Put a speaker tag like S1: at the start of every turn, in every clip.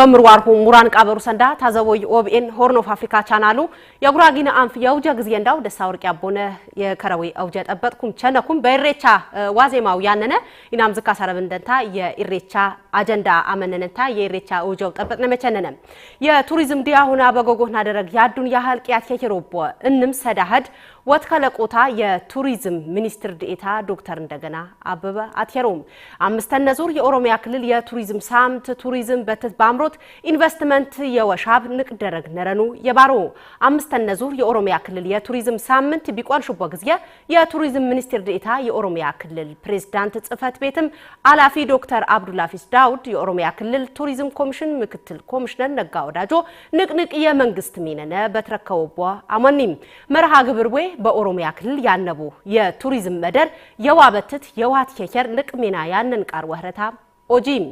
S1: በምር ዋርሁ ሙራን ቃበሩ ሰንዳ ታዘቦይ ኦብኤን ሆርን ኦፍ አፍሪካ ቻናሉ የጉራጊነ አንፍ የውጀ ጊዜ እንዳው ደሳ ወርቅ ያቦነ የከረዊ አውጀ ጠበጥኩም ቸነኩም በኢሬቻ ዋዜማው ያነነ ኢናም ዝካ ሰረብ እንደንታ የኢሬቻ አጀንዳ አመነነንታ የኢሬቻ ውጀው ጠበጥነ መቸነነ የቱሪዝም ዲያ ሆና ደረግ ያዱን ያህል ቅያት ከኪሮቦ እንም ሰዳህድ ወትከለ ቆታ የቱሪዝም ሚኒስትር ዴኤታ ዶክተር እንደገና አበበ አትሄሮም አምስተኛ ዙር የኦሮሚያ ክልል የቱሪዝም ሳምንት ቱሪዝም በትት ባምሮት ኢንቨስትመንት የወሻብ ንቅ ደረግ ነረኑ የባሮ አምስተኛ ዙር የኦሮሚያ ክልል የቱሪዝም ሳምንት ቢቋን ሽቦ ጊዜ የቱሪዝም ሚኒስትር ዴኤታ የኦሮሚያ ክልል ፕሬዝዳንት ጽህፈት ቤትም አላፊ ዶክተር አብዱላፊስ ዳውድ የኦሮሚያ ክልል ቱሪዝም ኮሚሽን ምክትል ኮሚሽነር ነጋ ወዳጆ ንቅንቅ የመንግስት ሚነነ በትረከቦ አመኒም መርሃ ግብር በኦሮሚያ ክልል ያነቡ የቱሪዝም መደር የዋበትት የዋት ኬከር ንቅሜና ያንን ቃር ወህረታ ኦጂም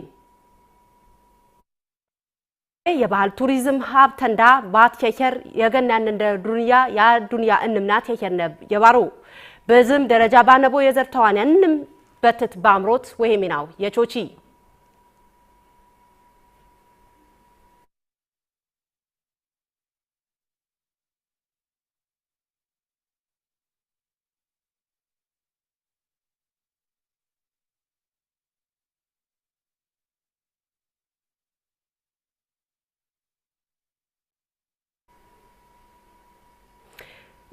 S1: የባህል ቱሪዝም ሀብ ተንዳ ባት ኬከር የገናን እንደ ዱንያ ያ ዱንያ እንምናት ኬከር ነብ የባሩ በዝም ደረጃ ባነቦ የዘርተዋን ያንም በትት ባምሮት ወሄሜናው የቾቺ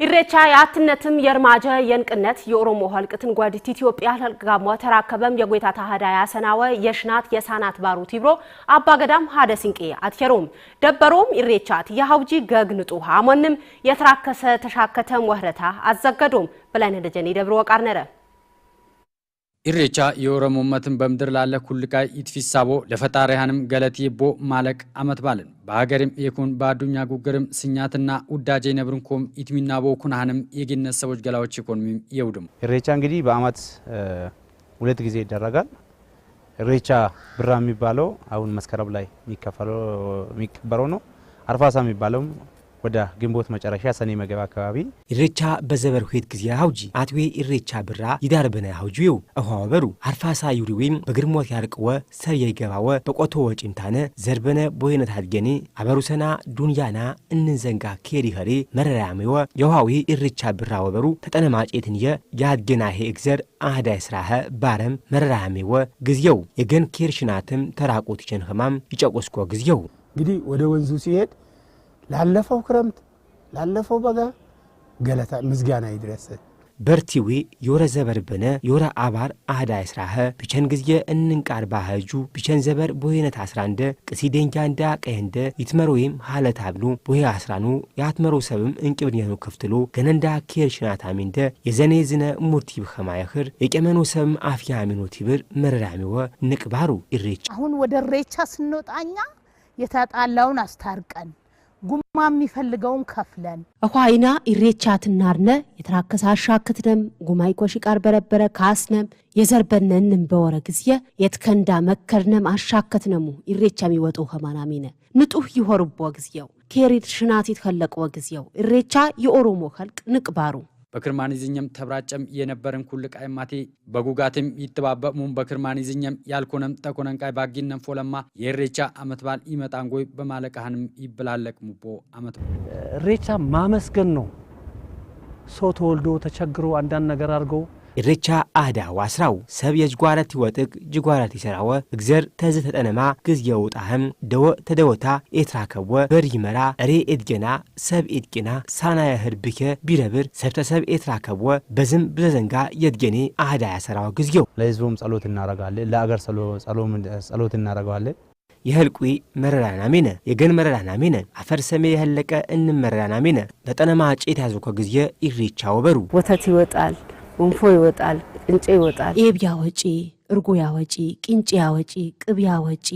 S1: ኢሬቻ የአትነትም የርማጀ የንቅነት የኦሮሞ ሀልቅትን ጓዲት ኢትዮጵያ ሀልቅጋሞ ተራከበም የጎይታታ ሀዳ ያሰናወ የሽናት የሳናት ባሩ ቲብሮ አባገዳም ሀደ ሲንቄ አትከሮም ደበሮም ኢሬቻት የሀውጂ ገግንጡ ሀሞንም የተራከሰ ተሻከተም ወህረታ አዘገዶም ብለን ደጀኔ ደብሮ ወቃር ነረ
S2: ኢሬቻ የኦሮሞ ኡመትን በምድር ላለ ኩልቃ ይትፊሳቦ ለፈጣሪያንም ገለት ቦ ማለቅ አመት ባልን በሀገርም የኩን በአዱኛ ጉግርም ስኛትና ውዳጄ ነብርንኮም ኢትሚና ቦ ኩናህንም የጌነት ሰዎች ገላዎች ኢኮኖሚም የውድም
S3: ኢሬቻ እንግዲህ በአመት ሁለት ጊዜ ይደረጋል። ኢሬቻ ብራ የሚባለው አሁን መስከረም ላይ የሚከበረው ነው። አርፋሳ የሚባለው ወደ ግንቦት መጨረሻ ሰኔ መገብ አካባቢ
S4: ኢሬቻ በዘበር ሁት ጊዜ ሀውጂ አትዌ ኢሬቻ ብራ ይዳርበነ ሀውጂው እኋ በሩ አርፋሳ ዩሪዌም በግርሞት ያርቅወ ሰብ የይገባወ በቆቶ ወጪምታነ ዘርበነ ቦይነት አድገኔ አበሩሰና ዱንያና እንንዘንጋ ኬሪ ኸሬ መረራያሜወ የውሃዊ ኢሬቻ ብራ ወበሩ ተጠነማጬትንየ ያድገና ሄ እግዘር አህዳይ ስራኸ ባረም መረራያሜወ ጊዜው የገን ኬርሽናትም ተራቆት ቸን ህማም ይጨቆስኮ ጊዜው
S5: እንግዲህ ወደ ወንዙ ሲሄድ ላለፈው ክረምት ላለፈው በጋ ገለታ ምዝጋና ይድረስ።
S4: በርቲዌ ዮረ ብነ ዮረ አባር አህዳ ይስራኸ ብቸን ጊዜ እንንቃር ባህጁ ብቸን ዘበር ቦሄነት አስራንደ ቅሲ ደንጃ እንዳ ቀየንደ ይትመር ወይም ሀለት አብሉ ቦሄ አስራኑ የአትመሮ ሰብም እንቅብንየኑ ክፍትሎ ገነንዳ ኬር ሽናታሚንደ የዘኔ ዝነ ሙርቲ ብኸማየኽር የቀመኖ ሰብም አፍያ ሚኖ ቲብር መረራሚወ ንቅባሩ ኢሬቻ
S6: አሁን ወደ ሬቻ ስንወጣኛ የተጣላውን አስታርቀን ጉማ የሚፈልገውን ከፍለን
S7: እኳይና ኢሬቻት እናርነ የተራከሰ አሻክትነም ጉማይ ኮሺ ቃር በረበረ ካስነም የዘርበነንም በወረ ጊዜ የትከንዳ መከርነም አሻከትነሙ ኢሬቻ የሚወጡ ከማናሚነ ንጡህ ይሆርቦ ጊዜው ኬሪት ሽናት ይትከለቅዎ ጊዜው ኢሬቻ የኦሮሞ ከልቅ ንቅባሩ
S8: በክርማኒዝኛም ተብራጨም የነበረን ኩልቃይ ማቴ በጉጋትም ይተባበሙን በክርማኒዝኛም ያልኮነም ጠኮነንቃይ ባጊነም ፎለማ የሬቻ አመት በዓል ይመጣንጎይ በማለቃህንም ይበላለቅ ሙቦ አመት
S9: ሬቻ ማመስገን ነው። ሰው ተወልዶ ተቸግሮ አንዳንድ ነገር አድርገው
S4: ኢሬቻ ኣህዳዋ ዋስራው ሰብ የጅጓረት ይወጥቅ ጅጓረት ይሰራወ እግዘር ተዝ ተጠነማ ግዝ የውጣህም ደወ ተደወታ ኤትራከወ በር ይመራ ሬ ኤድጌና ሰብ ኤድጌና ሳናየ ህርብከ ቢረብር ሰብተ ሰብ ኤትራከወ በዝም ብዘዘንጋ የድጌኔ አህዳ ያሰራው ግዝየው
S10: ለህዝቡም ጸሎት እናረጋለን፣ ለአገር ጸሎት እናረገዋለን።
S4: የህልቁ መረራና ሜነ የገን መረራና ሜነ አፈር ሰሜ የህለቀ እንም መረራና ሜነ ተጠነማ ጬት ያዞከ ግዝየ ኢሬቻ ወበሩ
S11: ወተት ይወጣል ጎንፎ ይወጣል፣ ቅንጭ ይወጣል።
S7: ኤብ ያወጪ፣ እርጎ ያወጪ፣ ቅንጬ ያወጪ፣ ቅብ ያወጪ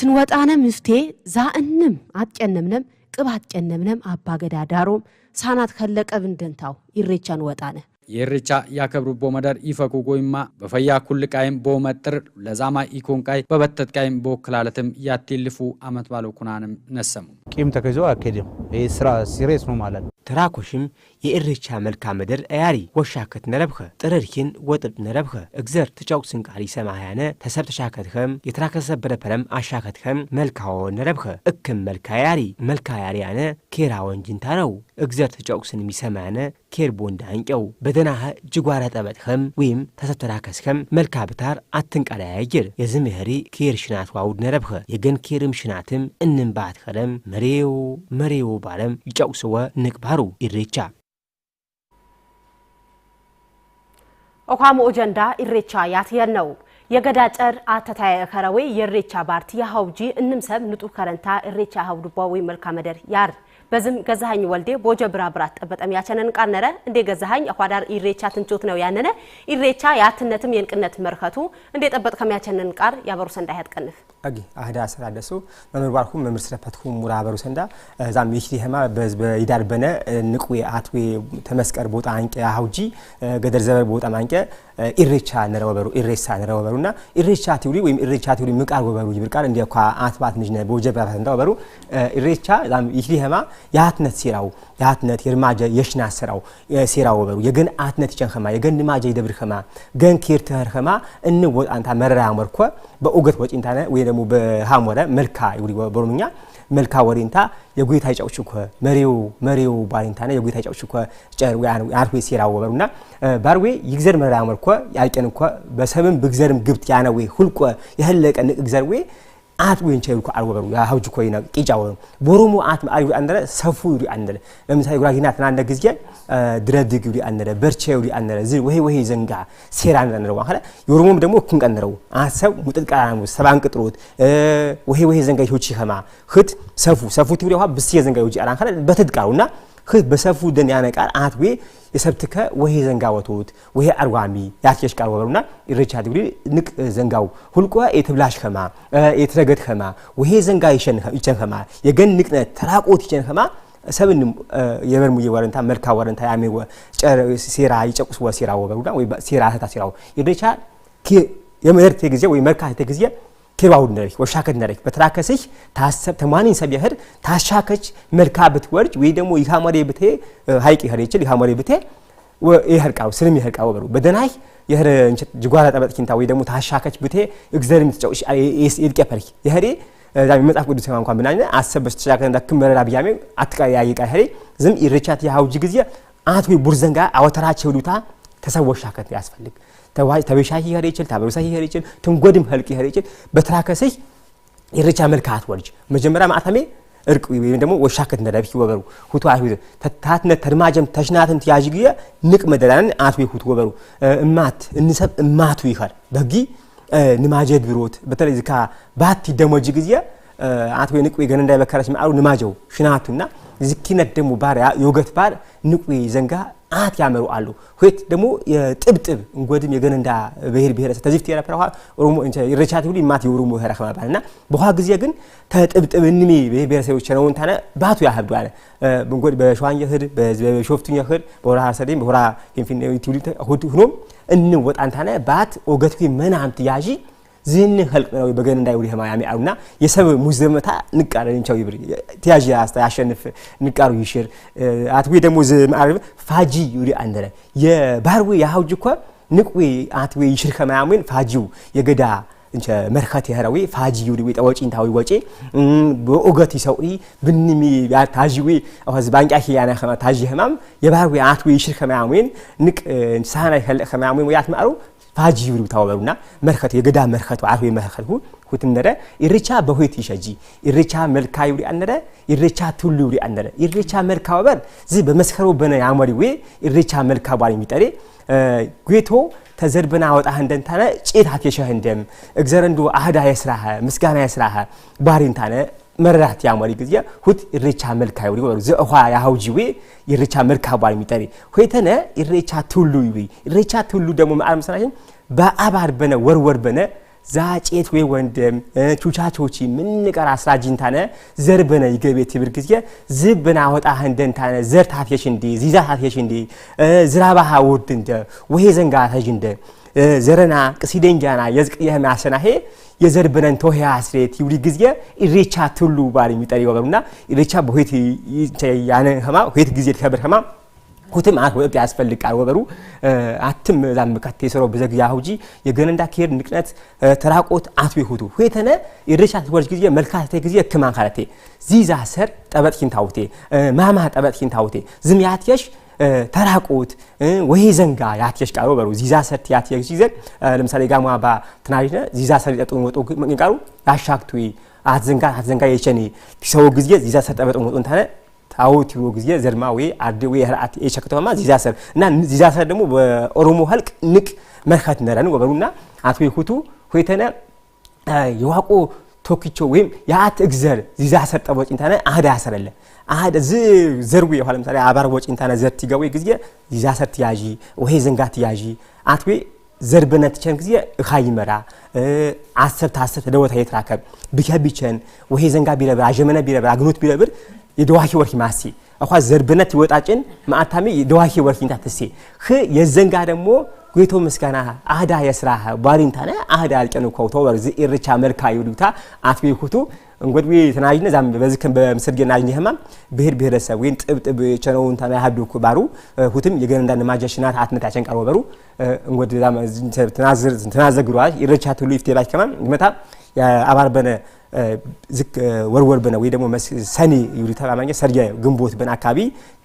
S7: ትንወጣነ ምፍቴ ዛእንም አትጨነምነም ቅብ አትቀነምነም አባገዳ ዳሮም ሳናት ከለቀብ እንደንታው ይሬቻን ወጣነ
S2: የርቻ ያከብሩ ቦመደር ይፈኩ ጎይማ በፈያ ኩል ቃይም ቦመጥር ለዛማ ኢኮን ቃይ በበተት ቃይም ቦክላለትም ያቴልፉ አመት ባለው ኩናንም ነሰሙ
S12: ቂም ተከዞ አከደም ይህ ስራ ሲሬስ ነው ማለት
S4: ትራኮሽም የእርቻ መልካ ምድር አያሪ ወሻከት ነረብኸ ጥረድኪን ወጥብ ነረብኸ እግዘር ትጫውቅ ስንቃሪ ሰማያነ ተሰብ ተሻከትኸም የተራከሰ በረፐረም አሻከትኸም መልካዎ ነረብኸ እክም መልካ ያሪ መልካ ያሪ ያነ ኬራ ወንጅንታ ነው እግዘር ተጫውቅስን የሚሰማያነ ኬር ቦንዳ አንጨው በደናኸ ጅጓረ ጠበጥኸም ወይም ተሰብ ተሰብተራከስኸም መልካ ብታር አትንቀዳ ያይጅር የዝምህሪ ኬር ሽናት ዋውድ ነረብኸ የገን ኬርም ሽናትም እንምባት ኸረም መሬዎ መሬው ባለም ይጫውስወ ንቅባሩ ይሬቻ
S1: ኦካሞ ኦጀንዳ ኢሬቻ ያትየን ነው የገዳ ጨር አተታየ ከረዌ የኢሬቻ ባርቲ ያሃውጂ እንምሰብ ንጡ ከረንታ ኢሬቻ ሀውዱባ ወይ መልካ መደር ያር በዝም ገዛሃኝ ወልዴ ቦጀ ብራ ብራት ጠበጠም ያቸነን ቃነረ እንዴ ገዛሃኝ አኳዳር ኢሬቻ ትንቾት ነው ያነነ ኢሬቻ ያትነትም የንቅነት መርከቱ እንዴ ጠበጥ ከሚያቸነን ቃር ያበሩ ሰንዳ ያትቀንፍ
S13: ጸጊ አህዳ አስተዳደሱ መምህር ባርኩም መምህር ስለፈትኩም ሙራ በሩ ሰንዳ እዛም ይህቲ ህማ በይዳር በነ ንቁ አትዌ ተመስቀር ቦታ አንቀ አውጂ ገደር ዘበር ቦታ ማንቀ ኢሬቻ ነረወበሩ ኢሬሳ ነረወበሩና ኢሬቻ ቲውሪ ወይም ኢሬቻ ቲውሪ ምቃር ወበሩ ይብርቃል እንዲያ ኳ አትባት ንጅነ ነው ቦጀብ ያፈ እንደወበሩ ኢሬቻ እዛም ይሽሪ ህማ ያትነት ሲራው ያትነት ይርማጀ የሽና ስራው ሲራው ወበሩ የገን አትነት ይጨን ህማ የገን ንማጀ ይደብር ህማ ገን ኪርተር ህማ እንወጣንታ መረራ ወርኮ በኦገት ወጪንታነ ወይ ደግሞ በሃሞረ መልካ በሮምኛ መልካ ወሬንታ የጉታ ይጫውችኮ መሪው መሪው ባሪንታና የጉታ ይጫውችኮ ጨር ያርዌ ሲራ ወበሩና ባርዌ ይግዘር መራ መራመርኮ ያልቀንኮ በሰብም ብግዘርም ግብት ያነዌ ሁልቆ የህለቀ ንቅ ግዘርዌ አት ወይን ቻይል ኮ አልወበሩ ያ ሀውጅ ኮይና ቂጫ ወሩ ቦሮሙ አት አዩ አንደረ ሰፉ ይሪ አንደረ ለምሳሌ ጉራጊና ተናንደ ግዚያ ድረድግ ይሪ አንደረ በርቼ ይሪ አንደረ ዝ ወይ ወይ ዘንጋ ሴራ አንደረ ዋኸለ ዮሮሙም ደሞ ኩን ቀንደረው አሰብ ቃራሙ ሰባን ቅጥሩት ወይ ወይ ዘንጋ ይሁቺ ኸማ ህት ሰፉ ሰፉት ይሪ ዋ ብስ ዘንጋ ይሁቺ አላን ኸለ በትድቃሩና ህዝብ በሰፉ ደን ያነቃል አትዌ የሰብትከ ወይ ዘንጋወቶት ወይ አርዋሚ ያርኬሽ ቃል ወበሩና ይርቻ ድግሪ ንቅ ዘንጋው ሁልቆ የትብላሽ ከማ የትረገት ከማ ወይ ዘንጋ ይሸን ከማ የገን ንቅነ ተራቆት ይሸን ከማ ሰብን የበርሙ የወረንታ መልካ ወረንታ ያሜ ሴራ ይጨቁስ ወ ሴራ ወበሩና ወይ ሴራ ተታ ሴራው ይርቻ የመርቴ ጊዜ ወይ መልካ ጊዜ ቴባውነረች ወሻከነረች በተራከሰች ተማኒን ሰብያህር ታሻከች መልካ ብትወርጅ ወይ ደግሞ ይሃማሬ ብቴ ሀይቅ ይኸር ይችል ይሃማሬ ብቴ ይሄርቃው ስልም ይሄርቃው በሩ በደናይ ይህር እንጨት ጅጓራ ጠበጥ ወይ ደግሞ ታሻከች ብቴ እግዘርም ትጨውሽ የምትጫውሽ ይልቀ ያፈርክ ይሄሪ ዛም መጽሐፍ ቅዱስ እንኳን ብናኝ አሰበሽ ተሻከረ እንዳክም መረራ ብያሜ አትቃ ያይቃ ይሄሪ ዝም ይርቻት ያውጅ ጊዜ አትሚ ቡርዘንጋ አወተራቸው ዱታ ተሰወሻከት ያስፈልግ ተበሻሂ ይሄድ ይችል ታበሳ ይሄድ ይችል ትንጎድም ህልቅ ይሄድ ይችል በትራከሰይ ይርቻ መልካት ወልጅ መጀመሪያ ማዕተሜ እርቅ ወይም ደግሞ ወሻከት እንደለብ ወበሩ ሁቱ አይሁድ ተታትነ ተድማጀም ተሽናትን ትያዥ ግየ ንቅ መደላን አትዌ ሁቱ ወበሩ እማት እንሰብ እማቱ ይኸር በጊ ንማጀድ ብሮት በተለይ ዝካ ባቲ ደሞጅ ጊዜ አትዌ ንቅ ገን እንዳይበከረች ማሩ ንማጀው ሽናቱና ዝኪነት ደግሞ ባሪያ የውገት ባር ንቁ ዘንጋ አት ያመሩ አሉ ሁት ደግሞ የጥብጥብ እንጎድም የገነንዳ ብሄር ብሄረሰብ ተዚፍት የራ ፕራዋ ኦሮሞ ርቻት ሁሉ ማት የኦሮሞ ሄራ ከባባል እና በኋላ ጊዜ ግን ተጥብጥብ እንሚ ብሄር ብሄረሰቦች ነው እንታነ ባቱ ያህብዱ አለ እንጎድ በሸዋኛ ህድ በሾፍቱኛ ህድ በሆራ ሀሰዴም በሆራ ኢንፊኒቲ ሁኖም እንወጣ እንታነ ባት ኦገትኩ መናምት ያዢ ዝህን ህልቅ ነው በገን እንዳይ ውሪ ህማያሚ አውና የሰብ ሙዘመታ ንቃረ ንቻው ይብር ቲያጂ አስተ ያሸንፍ ንቃሩ ይሽር አትዌ ደሞ ዝማርብ ፋጂ ይሪ አንደረ የባርዌ ያውጅ እኮ ንቅዌ አትዌ ይሽር ከማያሙን ፋጂው የገዳ እንቸ መርከት የህራዊ ፋጂ ይውሪ ወይ ጠዋጪ እንታዊ ወጪ በኦገት ይሰውሪ ብንሚ ታጂዊ አሁን ባንቂያ ሂያና ከማ ታጂ ህማም የባርዌ አትዌ ይሽር ከማያሙን ንቅ ሳና ኸልቅ ከማያሙን ወያት ማሩ ፋጂ ፋጂብሪ ታወበሩና መርከቱ የገዳ መርከቱ አሁ መርከቱ ነረ ኢርቻ በሁት ይሸጂ ኢርቻ መልካ ይብሪ አነረ ኢርቻ ቱሉ ይብሪ አነረ ኢርቻ መልካ ወበር ዚ በመስከሮ በነ ያመሪ ዌ ኢርቻ መልካ ባል የሚጠሬ ጌቶ ተዘርብና አወጣህ እንደንታነ ጭት የሸህ እንደም እግዚአብሔር አህዳ የስራህ ምስጋና የስራህ ባሪንታነ መራት ያመሪ ጊዜ ሁት ኢሬቻ መልካ ይወሪ ወር ዘእኳ ያሃውጂዊ ኢሬቻ መልካ ባል ሚጠሪ ሆይተነ ኢሬቻ ትውሉ ይዊ ኢሬቻ ትውሉ ደሞ ማአር ሰራሽን በአባር በነ ወርወር በነ ዛጬት ወይ ወንድም ቹቻቾቺ ምን ቀር አስራጂንታነ ዘር በነ ይገቤት ይብር ጊዜ ዝብ በነ አወጣ እንደንታነ ዘር ታፍየሽ እንዲ ዚዛ ታፍየሽ እንዲ ዝራባሃ ወድ እንደ ወይ ዘንጋ ታጅ እንደ ዘረና ቅሲደንጃና የዝቅየህና አሰናሄ የዘር በነን ተውሄ አስሬት ይውሊ ጊዜ ኢሬቻ ትሉ ባል የሚጠሪ ወበሩና ኢሬቻ በሁት ያነ ህማ ሁት ጊዜ ተከብር ህማ ሁትም አክ ወጥ ቃል ወገሩ አትም ዛም ምካት የሰሮ በዘግ ያሁጂ የገነንዳ ኬር ንቅነት ተራቆት አትቤ ሁቱ ሁተነ ኢሬቻ ትወርጅ ጊዜ መልካተ ጊዜ ክማን ካለቴ ዚዛ ሰር ጠበጥኪን ታውቴ ማማ ጠበጥኪን ታውቴ ዝም ያትየሽ ተራቁት ወይ ዘንጋ ያትየሽ ቃሮ በሩ ዚዛ ሰርት ያትየሽ ይዘን ለምሳሌ ጋማ ባ ነ ዚዛ ሰርት ጠጡ ወጡ ቃሩ ያሻክቱ አትዘንጋ አትዘንጋ የቸኒ ቲሰው ጊዜ ዚዛ ሰርት ጠበጡ ወጡ እንታነ ታውት ይወ ጊዜ ዘርማ ወይ አድ ወይ ሀራት የቸክተማ ዚዛ ሰር እና ዚዛ ሰር ደግሞ በኦሮሞ ህልቅ ንቅ መርከት ነረን ወበሩና አትዌ ሁቱ ሆይተነ የዋቆ ቶክቾ ወይም የአት እግዘር ዚዛ ሰር ጠቦጭ እንታነ አህዳ ያሰረለ አሃደ ዝ ዘርዊ ይኋ ለምሳሌ አባር ወጪን ታና ዘርቲ ገዊ ጊዜ ይዛሰት ያጂ ወሄ ዘንጋት ያጂ አትዌ ዘርብነት ቸን ጊዜ እኻ ይመራ አሰብ ታሰብ ደወታ የትራከብ ቢቸን ወሄ ዘንጋ ቢረብር አጀመነ ቢረብር አግኖት ቢረብር የደዋኪ ወርኪ ማሲ አኳ ዘርብነት ይወጣጭን ማአታሚ ወርኪ እንታ እንታትሲ ህ የዘንጋ ደግሞ ጎይቶ ምስጋና አህዳ የስራ ባሪንታና አህዳ ያልቀን ኮውቶ ወርዚ ኢርቻ መልካ ይውሉታ አትቤ ኩቱ እንጎድዊ ተናይነ ዛም በዝክን በምስርገና አኝ ህማም ብሄር ብሄረሰብ ወይን ጥብጥብ ቸነውን ታና ያብዱኩ ባሩ ሁትም የገንዳን ማጃሽናት አትነት ያቸንቃሩ በሩ እንጎድ ዛም ተናዝር ተናዘግሯ ይረቻት ሁሉ ይፍቴ ባይ ከማም ይመታ አባር በነ ዝክ ወርወር በነ ወይ ደግሞ ሰኔ ይብሪ ተባማኝ ሰርየ ግንቦት በነ አካባቢ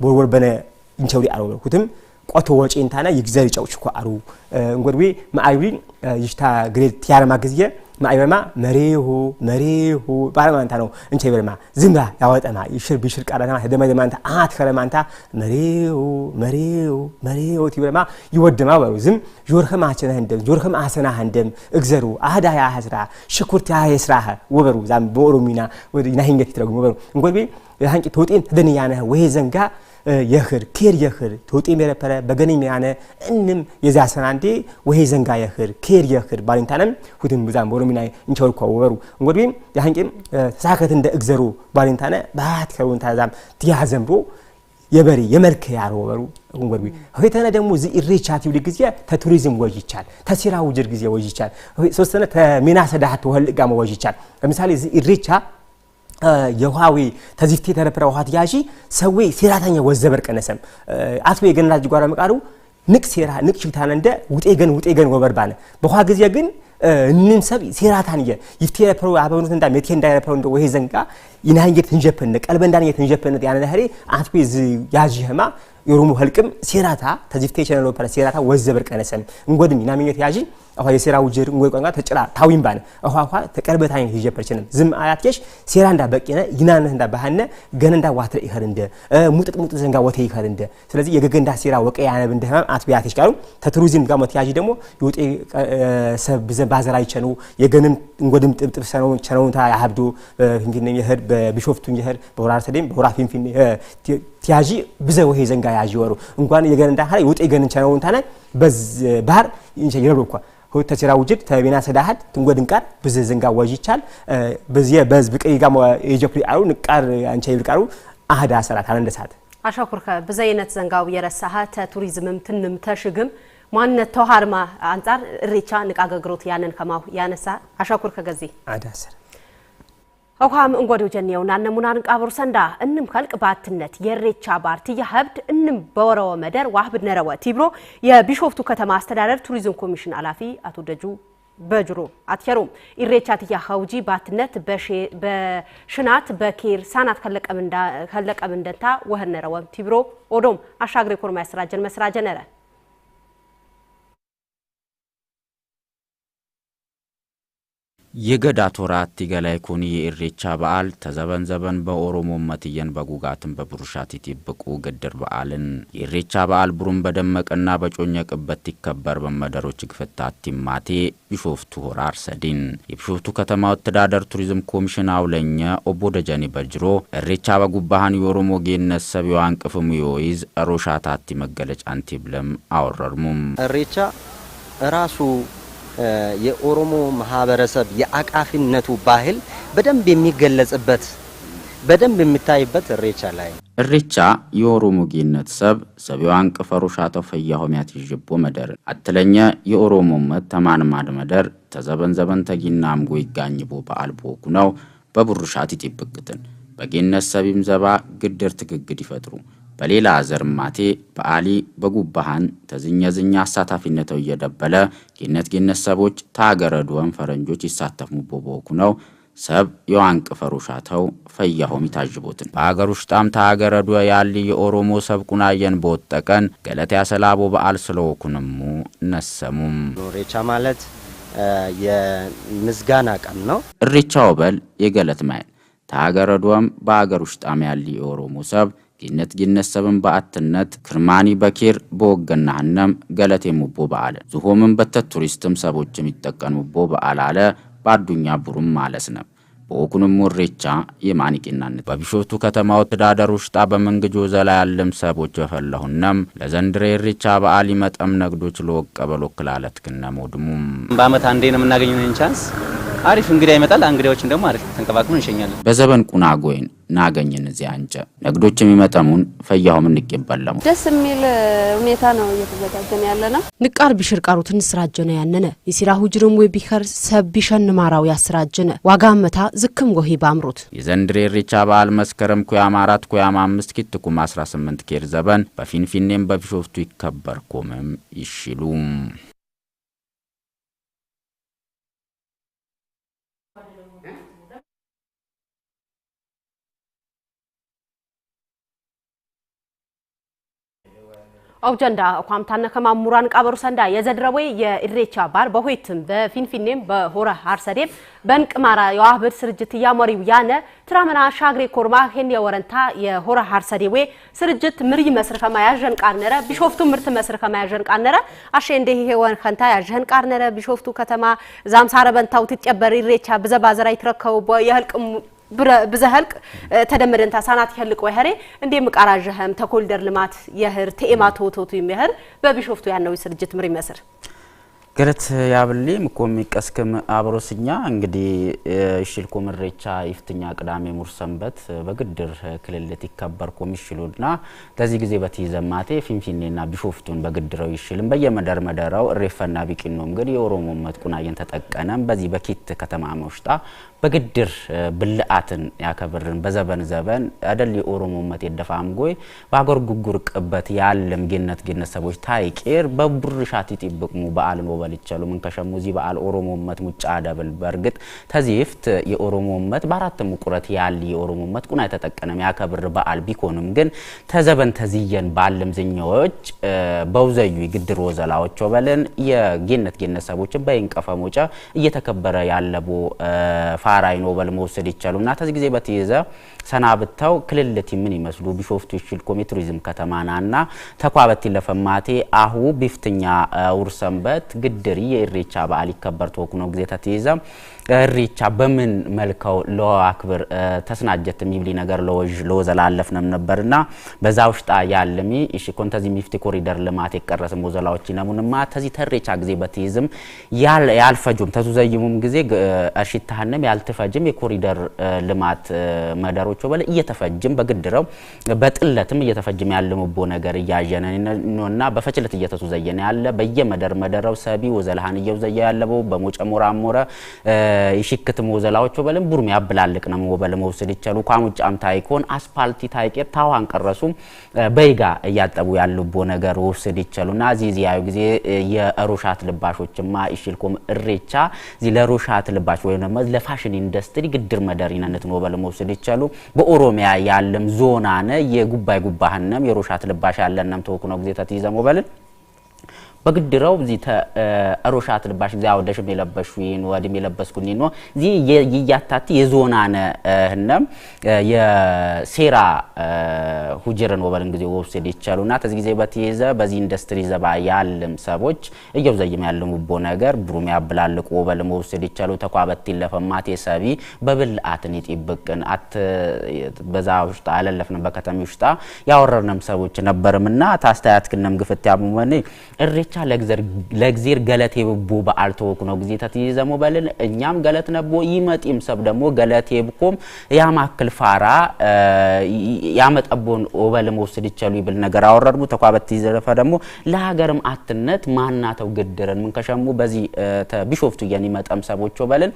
S13: ወርወር በነ እንቸውሪ አሮ ሁትም ቆቶ ወጪ እንታና ይግዘር ይጫውች ኮ አሩ እንጎድዊ ማአይሪ ይሽታ ግሬት ያረማ ግዚያ ማእመማ መሪሁ መሪሁ ባለማንታ ነው እንቸ ይበልማ ዝምባ ያወጠማ ይሽር ቢሽር ቃላታ ደማ ደማንታ አት ከለማንታ መሪሁ መሪሁ መሪሁ ይበልማ ይወድማ ወሩ ዝም ጆርኸም አቸና እንደም ጆርኸም አሰና እንደም እግዘሩ አዳ ያ ሐስራ ሽኩርት ያ ይስራ ወበሩ ዛም በኦሮሚና ወዲ ናሂንገት ይትረጉም ወበሩ እንጎልቤ ያንቂ ተውጤን ተደንያነ ወይ ዘንጋ የኽር ኬር የኽር ቶጤ ሜረፐረ በገኒ ሚያነ እንም የዚያ ሰናንዴ ወሄ ዘንጋ የኽር ኬር የኽር ባሊንታነም ሁትም ብዛም ቦሮሚናይ እንቸርኳ ወበሩ እንጎድቢ ያህንቄም ተሳከት እንደ እግዘሩ ባሊንታነ ባህት ከሩን ታዛም ትያ ዘንብሮ የበሪ የመልክ ያር ወበሩ እንጎድቢ ሆይተነ ደግሞ ዚ ኢሬቻ ትብል ጊዜ ተቱሪዝም ወጅ ይቻል ተሲራ ውጅር ጊዜ ወጅ ይቻል ሶስተነ ተሚና ሰዳህት ወህልቅ ጋሞ ወጅ ይቻል ለምሳሌ ዚ ኢሬቻ የውሃዊ ተዚፍቴ ተረፕረ ውሃ ያሺ ሰዌ ሴራተኛ ወዘበር ቀነሰም አትዌ የገናጅ ጓራ መቃሩ ንቅ ሴራ ንቅ ሽብታን እንደ ውጤ ገን ውጤ ገን ወበር ባነ በኋ ጊዜ ግን እንን ሰብ ሴራታን የ ይፍቴ ረፕረ አበብነት እንዳ ሜቴ እንዳ ረፕረ እንደ ወይ ዘንጋ ይናንጌ እንጀፈነ ቀልበ እንዳን የተንጀፈነ ያነ ሀሪ አትዌ ያጂ ህማ የሮሙ ህልቅም ሴራታ ተዚፍቴ ቸነሎ ፐረ ሴራታ ወዘበር ቀነሰም እንጎድም ይናምኘት ያጂ አኋ የሴራ ውጅር እንጎይ ቋንቋ ተጭራ ታዊም ባነ አኋ አኋ ተቀርበታኝ ይጀፐርችንም ዝም አያት ሴራ እንዳ በቂነ ይናነህ እንዳ ባህነ ገነ እንዳ ዋትረ ይኸር እንደ ሙጥጥ ሙጥጥ ዘንጋ ወቴ ይኸር እንደ ስለዚህ የገገ እንዳ ሴራ ወቀ ያነብ እንደ ህማም አትቢያት ቃሉ ተቱሪዝም ጋር መተያጂ ደግሞ ይውጤ ሰብ ዘ ባዘራ ይቸኑ የገንም እንጎድም ጥብጥብ ሰነው ቸነውታ ያሀብዶ እንግዲህ ይሄድ በቢሾፍቱ ይሄድ በወራር ሰደም በወራር ፊንፊን ቲያጂ ብዘ ወሄ ዘንጋ ያጂ ወሩ እንኳን የገንዳ ሀ ውጤ ገንቻ ነው እንታነ በዝ ባህር ይነብሩ ሁት ተሲራ ውጅድ ተቢና ሰዳሃድ ትንጎድን ቃር ብዝ ዘንጋ ወዥ ይቻል በዚህ በዝ ብቀይ ጋ የጀፕሪ አሩ ንቃር አንቻ ይብቃሩ አህዳ ሰራት አለ እንደሳት
S1: አሻኩርከ ብዘይነት ዘንጋው የረሳሃ ተቱሪዝምም ትንም ተሽግም ማንነት ተውሃርማ አንጻር እሬቻ ንቃገግሮት ያንን ከማሁ ያነሳ አሻኩርከ ገዜ አዳሰር አኳም እንጎዶ ጀኔው ናነሙናን ቃብሩ ሰንዳ እንም ከልቅ ባትነት የሬቻ ባርትያ ሀብድ እንም በወረወ መደር ዋህብ ነረወ ቲብሮ የቢሾፍቱ ከተማ አስተዳደር ቱሪዝም ኮሚሽን ኃላፊ አቶ ደጁ በጅሮ አትከሩ ኢሬቻ ትያ ኸውጂ ባትነት በሽናት በኬር ሳናት ከለቀም እንደታ ወህነረወም ቲብሮ ኦዶም አሻግሬ ኮርማ ያስራጀን መስራጀነረ
S4: የገዳ ቶራ አቲገላይ ኩኒ የኢሬቻ በዓል ተዘበንዘበን በኦሮሞ መትየን በጉጋትን በብሩሻት ይጥብቁ ግድር በዓልን የኢሬቻ በዓል ብሩን በደመቀና በጮኘቅበት ይከበር በመደሮች ግፍታት ይማቴ ቢሾፍቱ ሆራ አርሰዲን የቢሾፍቱ ከተማ ወተዳደር ቱሪዝም ኮሚሽን አውለኘ ኦቦ ደጀኒ በጅሮ እሬቻ በጉባሃን የኦሮሞ ጌነት ሰብ የዋንቅፍሙ የወይዝ ሮሻታቲ መገለጫንቲ ብለም አወረርሙም
S14: እሬቻ ራሱ የኦሮሞ ማህበረሰብ የአቃፊነቱ ባህል በደንብ የሚገለጽበት በደንብ የሚታይበት እሬቻ ላይ
S4: እሬቻ የኦሮሞ ጌነት ሰብ ሰቢዋን ቅፈሩ ሻተው ፈያሆ ሚያት ይዥቦ መደር አትለኛ የኦሮሞ መት ተማንማድ መደር ተዘበን ዘበን ተጊና አምጎ ይጋኝቦ በዓል ቦኩ ነው በቡሩሻት ይጢብቅትን በጌነት ሰቢም ዘባ ግድር ትግግድ ይፈጥሩ በሌላ ዘርማቴ በአሊ በጉባሃን ተዝኛ ዝኛ አሳታፊነተው እየደበለ ጌነት ጌነት ሰቦች ታገረ ድወን ፈረንጆች ይሳተፍሙ ቦቦኩ ነው ሰብ የዋንቅ ፈሩሻተው ፈያሆም ይታጅቦትን በአገር ውሽጣም ታገረ ድወ ያሊ የኦሮሞ ሰብ ቁናየን በወጠቀን ገለት ያሰላቦ በዓል ስለወኩንሙ ነሰሙም
S14: ሬቻ ማለት የምዝጋና ቀን ነው።
S4: እሬቻ ወበል የገለት ማይል ታገረ ድወም በአገር ውሽጣም ያሊ የኦሮሞ ሰብ ይነትይነሰብን በአትነት ክርማኒ በኬር በወገናህነም ገለቴ ሙቦ በአለ ዝሆምን በተ ቱሪስትም ሰቦችም ይጠቀን ሙቦ አለ በአዱኛ ቡሩም ማለት ነው። በወኩንም ሙሬቻ የማኒቂናነት በቢሾቱ ከተማ ወተዳደር ውሽጣ በመንግጆ ዘላ ያለም ሰቦች በፈለሁነም ለዘንድሬ ሬቻ በዓል ይመጠም ነግዶች ለወቀበሎ ክላለት ክነም ወድሙም
S15: በአመት አንዴ ነው የምናገኘው ቻንስ። አሪፍ እንግዲህ ይመጣል። እንግዳዎችን ደግሞ አሪፍ ተንከባክበን እንሸኛለን።
S4: በዘበን ቁናጎይን ናገኝን እዚያ አንጨ ነግዶች የሚመጠሙን ፈያሁም እንቅበለሙ
S16: ደስ የሚል ሁኔታ ነው እየተዘጋጀን ያለ ነው።
S1: ንቃር ቢሽር ቃሩትን ስራጀነ ያነነ የሲራሁ ጅርም ወይ ቢከር ሰብ ቢሸን ማራው ያስራጀነ ዋጋ መታ ዝክም ጎሂ ባምሩት
S4: የዘንድሬ ሬቻ በዓል መስከረም ኩያም አራት ኩያም አምስት ኪትኩም አስራ ስምንት ኬር ዘበን በፊንፊኔም በቢሾፍቱ ይከበርኩምም ይሽሉም
S1: አውጀንዳ ኳምታነ ከማሙራን ቀበሩ ሰንዳ የዘድረወይ የኢሬቻ ባር በሆይትም በፊንፊኔም በሆረ አርሰዴም በንቅማራ የዋህብድ ስርጅት እያሞሪው ያነ ትራመና ሻግሬ ኮርማ ሄን የወረንታ የሆረ አርሰዴዌ ስርጅት ምሪ መስርከ ማያጀን ቃርነረ ቢሾፍቱ ምርት መስርከ ማያጀን ቃርነረ አሸ እንደ ይሄ ወን ከንታ ያጀን ቃርነረ ቢሾፍቱ ከተማ ዛምሳረ በንታው ትጨበር ኢሬቻ ብዘባዘራ ትረከው የህልቅ ብዘህልቅ ተደመደንታ ሳናት ይኸልቅ ወይኸሬ እንዴ ምቃራጀኸም ተኮልደር ልማት የህር ቴማቶ ቶቱ ይምህር በቢሾፍቱ ያነዊ ስርጅት ምር ይመስር
S14: ገለት ያብሌ ምኮም ይቀስክም አብሮስኛ እንግዲህ ይሽልኮ መሬቻ ይፍትኛ ቅዳሜ ሙር ሰንበት በግድር ክልልት ይከበር ኮሚሽሉና ለዚህ ጊዜ በትይዘማቴ ፊንፊኔና ቢሾፍቱን በግድረው ይሽልም በየመደር መደራው እሬፈና ቢቂኖም ግን የኦሮሞ መጥቁናየን ተጠቀነም በዚህ በኪት ከተማ መውሽጣ በግድር ብልአትን ያከብርን በዘበን ዘበን አደል የኦሮሞ መት የደፋም ጎይ በአገር ጉጉር ቅበት ያለም ጌነት ጌነት ሰቦች ታይቄር በቡርሻት ይጥብቅሙ በአልሞ በልቸሉ ከሸሙ ዚ በዓል ኦሮሞ እመት ሙጫ ደብል በርግጥ ተዚፍት የኦሮሞ እመት በአራት ምቁረት ያል የኦሮሞ እመት ቁና የተጠቀነም ያከብር በዓል ቢኮንም ግን ተዘበን ተዚየን ባለም ዝኛዎች በውዘዩ ግድር ወዘላዎች በለን የጌነት ጌነት ሰቦችን በይንቀፈ ሞጫ እየተከበረ ያለቦ ፋራይ ኖበል መውሰድ ይቻሉ እና ተዚ ጊዜ በተይዘ ሰናብተው ክልልት ምን ይመስሉ ቢሾፍቱ ይሽልኮም የቱሪዝም ከተማና ና ተኳበት ለፈማቴ አሁ ቢፍትኛ ውርሰንበት ግድሪ የኢሬቻ በዓል ይከበር ተወክኖ ግዜታት ይዛ ቀሪቻ በምን መልከው ለዋክብር ተስናጀት የሚብሊ ነገር ለወዥ ለወዘላለፍነም ነበርና በዛ ውሽጣ ያለሚ እሺ ኮንተዚ ሚፍቲ ኮሪደር ልማት የቀረስም ወዘላዎች ይነሙንማ ተዚ ተሬቻ ጊዜ በትይዝም ያልፈጁም ተዙዘይሙም ጊዜ እርሽታህንም ያልትፈጅም የኮሪደር ልማት መደሮች በለ እየተፈጅም በግድረው በጥለትም እየተፈጅም ያለምቦ ነገር እያየነ ነውና በፈችለት እየተዙዘየነ ያለ በየመደር መደረው ሰቢ ወዘላሃን እየውዘየ ያለበው በሞጨ ሞራ ይሽክትም ወዘላዎቹ በለም ቡርም ያብላልቅ ነው ወበለም ወስድ ይቻሉ ቋም ጫም ታይኮን አስፋልቲ ታይቄ ታዋን ቀረሱ በይጋ እያጠቡ ያሉቦ ነገር ወስድ ይቻሉና እዚ ያዩ ጊዜ የሩሻት ልባሾችማ ይሽልኩም እሬቻ እዚ ለሩሻት ልባሽ ወይ ነው ለፋሽን ኢንዱስትሪ ግድር መደሪነት ነው ወበለም ወስድ ይቻሉ በኦሮሚያ ያለም ዞናነ የጉባይ ጉባህነም የሩሻት ልባሽ ያለንም ተወኩ ነው ጊዜ ተትይዘም ወበልን በግድረው እዚ ተሮሻት ልባሽ እዚ አወደሽ የለበሽን ወድም የለበስኩኒ ኖ እዚ ይያታቲ የዞናነ ህነም የሴራ ሁጅርን ወበልን ጊዜ ወብስል ይቻሉና ተዚ ጊዜ በትይዘ በዚህ ኢንዱስትሪ ዘባ ያልም ሰቦች እየው ዘይም ያልም ቦ ነገር ብሩም ያብላልቁ ወበልም ወብስል ይቻሉ ተቋበት ይለፈማት የሰቢ በብልአትን ይጥብቅን አት በዛ ውሽጣ አለለፍንም በከተሚ ውሽጣ ያወረርንም ሰቦች ነበርምና ታስተያትክንም ግፍት ያሙመኔ እሬት ብቻ ለእግዜር ገለት የብቦ በዓል ነው ጊዜ ይዘሞ በልን እኛም ገለት ነቦ ይመጢም ሰብ ደግሞ ገለት የብኮም ያማክል ፋራ ያመጠቦን ኦበል መውስድ ይቸሉ ይብል ነገር አወረድሙ ተኳበት ይዘረፈ ደግሞ ለሀገርም አትነት ማናተው ግድርን ምንከሸሙ በዚህ ቢሾፍቱ የኒመጠም ሰቦች ኦበልን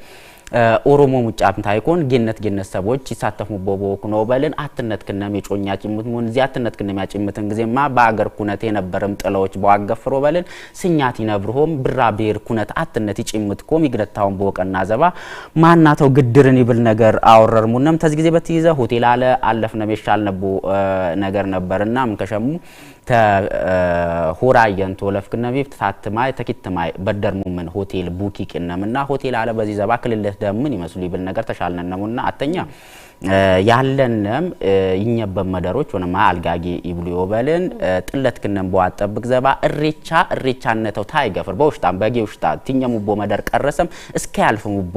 S14: ኦሮሞ ሙጫም ታይኮን ጌነት ጌነት ሰቦች ይሳተፉ ቦቦክ ነው በልን አትነት ክነም የጮኛ ጭምት ሙን እዚያ አትነት ክነም ያጭምትን ጊዜማ በአገር ኩነት የነበረም ጥላዎች በዋገፍሮ በልን ስኛት ይነብርሆም ብራ ብሔር ኩነት አትነት ይጭምት ኮም ይግረታውን በወቀና ዘባ ማናተው ግድርን ይብል ነገር አወረር ሙነም ተዚ ጊዜ በትይዘ ሆቴል አለ አለፍነም ነም የሻል ነቦ ነገር ነበርና ምን ከሸሙ ተሆራ የንቶ ለፍክነ ቢብ ተታትማይ ተኪትማይ በደርሙምን ሆቴል ቡኪቅ እነምና ሆቴል አለ በዚህ ዘባ ክልልህ ደምን ይመስሉ ይብል ነገር ተሻልነነሙና አተኛ ያለንም ይኘበብ መደሮች ወነማ አልጋጊ ይብሉ ይወበልን ጥለት ክነም በዋጠብቅ ዘባ እሬቻ እሬቻነተው ታይገፍር በውሽጣም በጌ ውሽጣ ትኘሙቦ መደር ቀረሰም እስከ ያልፍሙቦ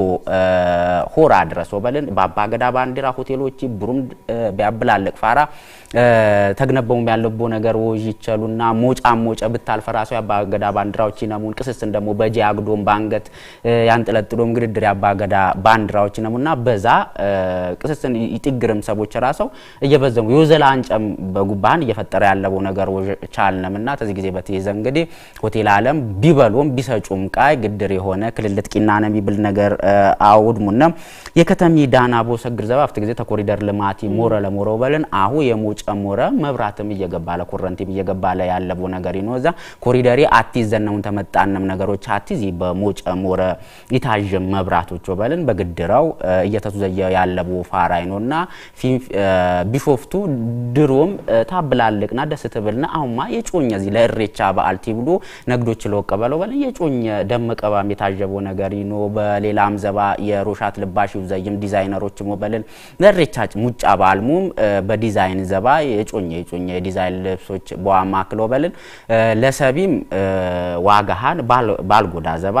S14: ሆራ ድረስ ወበልን በአባገዳ ባንዲራ ሆቴሎች ብሩም ቢያብላልቅ ፋራ ተግነበውም ያለቦ ነገር ወዥ ይቻሉና ሞጫ ሞጨ ብታልፈ ራሱ ያባገዳ ባንዲራዎች ይነሙን ቅስስን ደግሞ በጄ አግዶም ባንገት ያንጥለጥሎም ግድድር ያባገዳ ባንዲራዎች ይነሙና በዛ ቅስስን ይጥግርም ሰቦች ራሰው እየበዘሙ የወዘላ አንጨም በጉባህን እየፈጠረ ያለቦ ነገር ቻልነምና ተዚህ ጊዜ በተይዘ እንግዲህ ሆቴል አለም ቢበሉም ቢሰጩም ቃይ ግድር የሆነ ክልልት ቂና ነም የሚብል ነገር አውድሙና የከተሚ ዳና ቦሰግር ዘባ አፍት ጊዜ ተኮሪደር ልማት ሞረ ለሞረው በልን አሁ የሞጫ ጨምረ መብራትም እየገባለ ኮረንቲም እየገባለ ያለቦ ነገር ይኖ እዛ ኮሪደሪ አቲዝ ዘነውን ተመጣንም ነገሮች አቲዝ በሞጨ ሞረ ይታዥም መብራቶች በልን በግድራው እየተቱዘየ ያለቦ ፋራ ይኖና ቢፎፍቱ ድሮም ታብላልቅና ደስ ትብልና አሁንማ የጮኛ ዚ ለእሬቻ በዓልቲ ብሎ ነግዶች ለወቀበለው በልን የጮኛ ደምቀባም የታጀቦ ነገር ይኖ በሌላም ዘባ የሮሻት ልባሽ ይብዘይም ዲዛይነሮች ሞበልን ለእሬቻ ሙጫ በዓልሙም በዲዛይን ዘባ የጩኝ የጩኝ የዲዛይን ልብሶች በዋማ ክሎበልን ለሰቢም ዋጋሃን ባልጎዳ ዘባ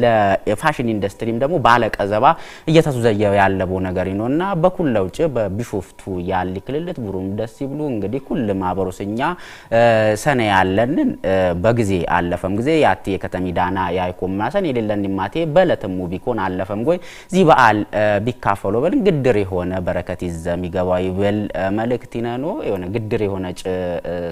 S14: ለፋሽን ኢንዱስትሪም ደግሞ ባለቀ ዘባ እየተዘየው ያለበው ነገር ነው እና በኩል ለውጭ በቢሾፍቱ ያል ክልልት ቡሩም ደስ ይብሉ እንግዲህ ሁል ማበሮስኛ ሰነ ያለንን በጊዜ አለፈም ጊዜ ያቲ የከተሚ ዳና ያይኮም ማሰን የሌለን ማቴ በለተሙ ቢኮን አለፈም ጎይ ዚህ በዓል ቢካፈሎ በልን ግድር የሆነ በረከት ይዘም ይገባ ይበል መልእክት ገነኖ የሆነ ግድር የሆነ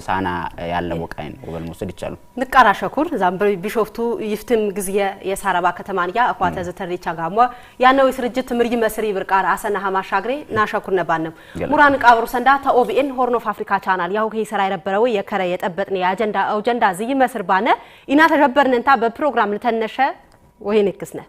S14: ሳና ያለ ቦቃይ ነው ወበል መውሰድ ይቻሉ
S1: ንቃራ ሸኩር ዛምብሪ ቢሾፍቱ ይፍትም ግዚየ የሳረባ ከተማን ያ አኳተ ዘተሪቻ ጋሞ ያነው ስርጅት ምርይ መስሪ ብርቃር አሰና ሀማሻግሬ ናሸኩር ነባንም ሙራን ቃብሩ ሰንዳ ተኦቢኤን ሆርን ኦፍ አፍሪካ ቻናል ያው ከይ ስራ የነበረው የከረ የጠበጥን የአጀንዳ አጀንዳ ዝይ መስር ባነ ኢና ተሸበርንንታ በፕሮግራም ልተነሸ ወይን ክስነ